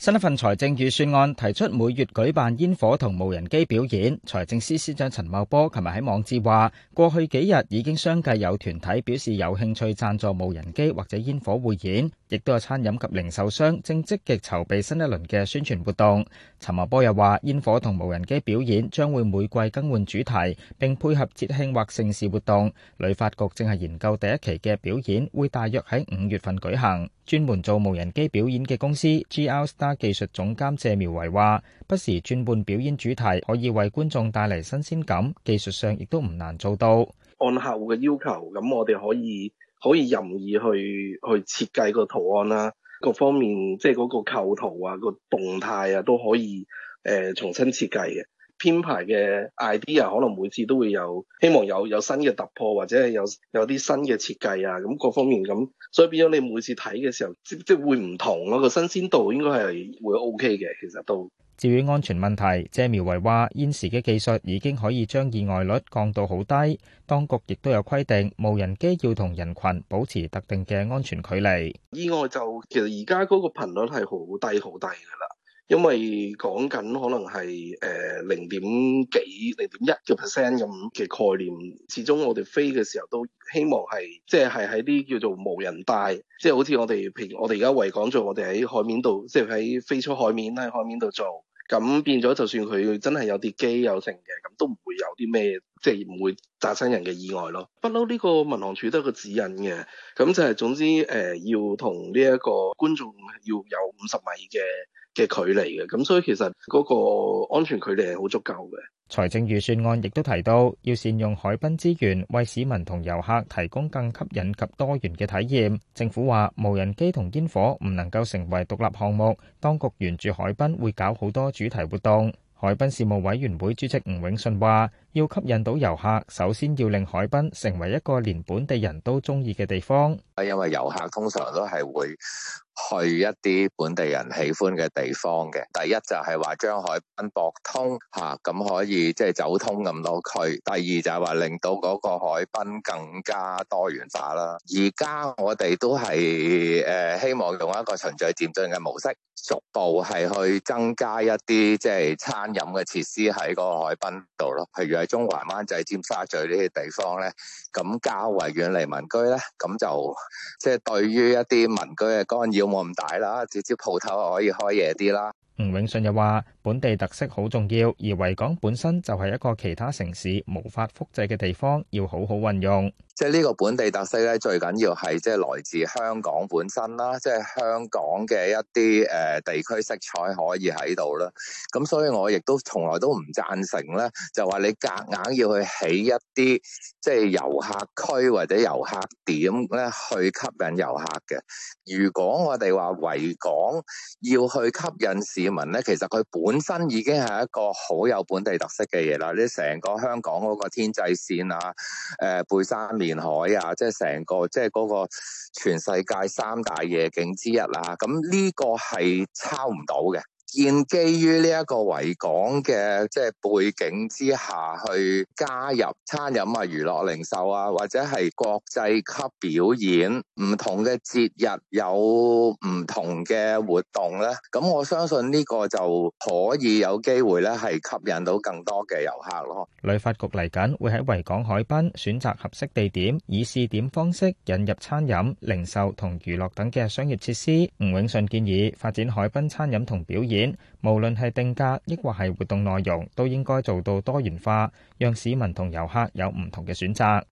新一份財政預算案提出每月舉辦煙火同無人機表演，財政司司長陳茂波琴日喺網誌話：過去幾日已經相繼有團體表示有興趣贊助無人機或者煙火匯演。亦都有餐飲及零售商正積極籌備新一輪嘅宣傳活動。陳茂波又話：煙火同無人機表演將會每季更換主題，並配合節慶或盛事活動。旅發局正係研究第一期嘅表演會大約喺五月份舉行，專門做無人機表演嘅公司 GR Star 技術總監謝苗維話：不時轉換表演主題可以為觀眾帶嚟新鮮感，技術上亦都唔難做到。按客戶嘅要求，咁我哋可以。可以任意去去設計個圖案啦、啊，各方面即係嗰個構圖啊，嗰個動態啊都可以誒、呃、重新設計嘅編排嘅 idea，可能每次都會有希望有有新嘅突破或者係有有啲新嘅設計啊，咁各方面咁，所以變咗你每次睇嘅時候即即會唔同咯、啊，個新鮮度應該係會 OK 嘅，其實都。至於安全問題，謝苗維話，現時嘅技術已經可以將意外率降到好低。當局亦都有規定，無人機要同人群保持特定嘅安全距離。意外就其實而家嗰個頻率係好低、好低㗎啦。因為講緊可能係誒零點幾、零點一嘅 percent 咁嘅概念。始終我哋飛嘅時候都希望係即係喺啲叫做無人帶，即、就、係、是、好似我哋譬如我哋而家維港做，我哋喺海面度，即係喺飛出海面喺海面度做。咁變咗，就算佢真係有啲機有成嘅，咁都唔會有啲咩，即係唔會炸親人嘅意外咯。不嬲，呢個民航處都有個指引嘅，咁就係總之，呃，要同呢一個觀眾要有五十米嘅嘅距離嘅，咁所以其實嗰個安全距離係好足夠嘅。財政預算案亦都提到，要善用海濱資源，為市民同遊客提供更吸引及多元嘅體驗。政府話，無人機同煙火唔能夠成為獨立項目，當局沿住海濱會搞好多主題活動。海濱事務委員會主席吳永順話，要吸引到遊客，首先要令海濱成為一個連本地人都中意嘅地方。係，因為遊客通常都係會。去一啲本地人喜歡嘅地方嘅，第一就係話將海濱博通吓、啊，咁可以即係走通咁攞去；第二就係話令到嗰個海濱更加多元化啦。而家我哋都係誒希望用一個循序漸進嘅模式，逐步係去增加一啲即係餐飲嘅設施喺嗰個海濱度咯。譬如喺中環灣仔、尖沙咀呢啲地方咧，咁較為遠離民居咧，咁就即係對於一啲民居嘅干擾。唔大啦，直接鋪頭可以開夜啲啦。永順又話：本地特色好重要，而維港本身就係一個其他城市無法複製嘅地方，要好好運用。即係呢個本地特色咧，最緊要係即係來自香港本身啦，即係香港嘅一啲誒地區色彩可以喺度啦。咁所以我亦都從來都唔贊成咧，就話你夾硬要去起一啲即係遊客區或者遊客點咧，去吸引遊客嘅。如果我哋話維港要去吸引市，文咧，其實佢本身已經係一個好有本地特色嘅嘢啦。你成個香港嗰個天際線啊，誒、呃、背山面海啊，即係成個即係嗰個全世界三大夜景之一啦、啊。咁呢個係抄唔到嘅。建基於呢一個維港嘅即係背景之下，去加入餐飲啊、娛樂零售啊，或者係國際級表演，唔同嘅節日有唔同嘅活動咧。咁我相信呢個就可以有機會咧，係吸引到更多嘅遊客咯。旅發局嚟緊會喺維港海濱選擇合適地點以試點方式引入餐飲零售同娛樂等嘅商業設施。吳永順建議發展海濱餐飲同表演。無論係定價，抑或係活動內容，都應該做到多元化，讓市民同遊客有唔同嘅選擇。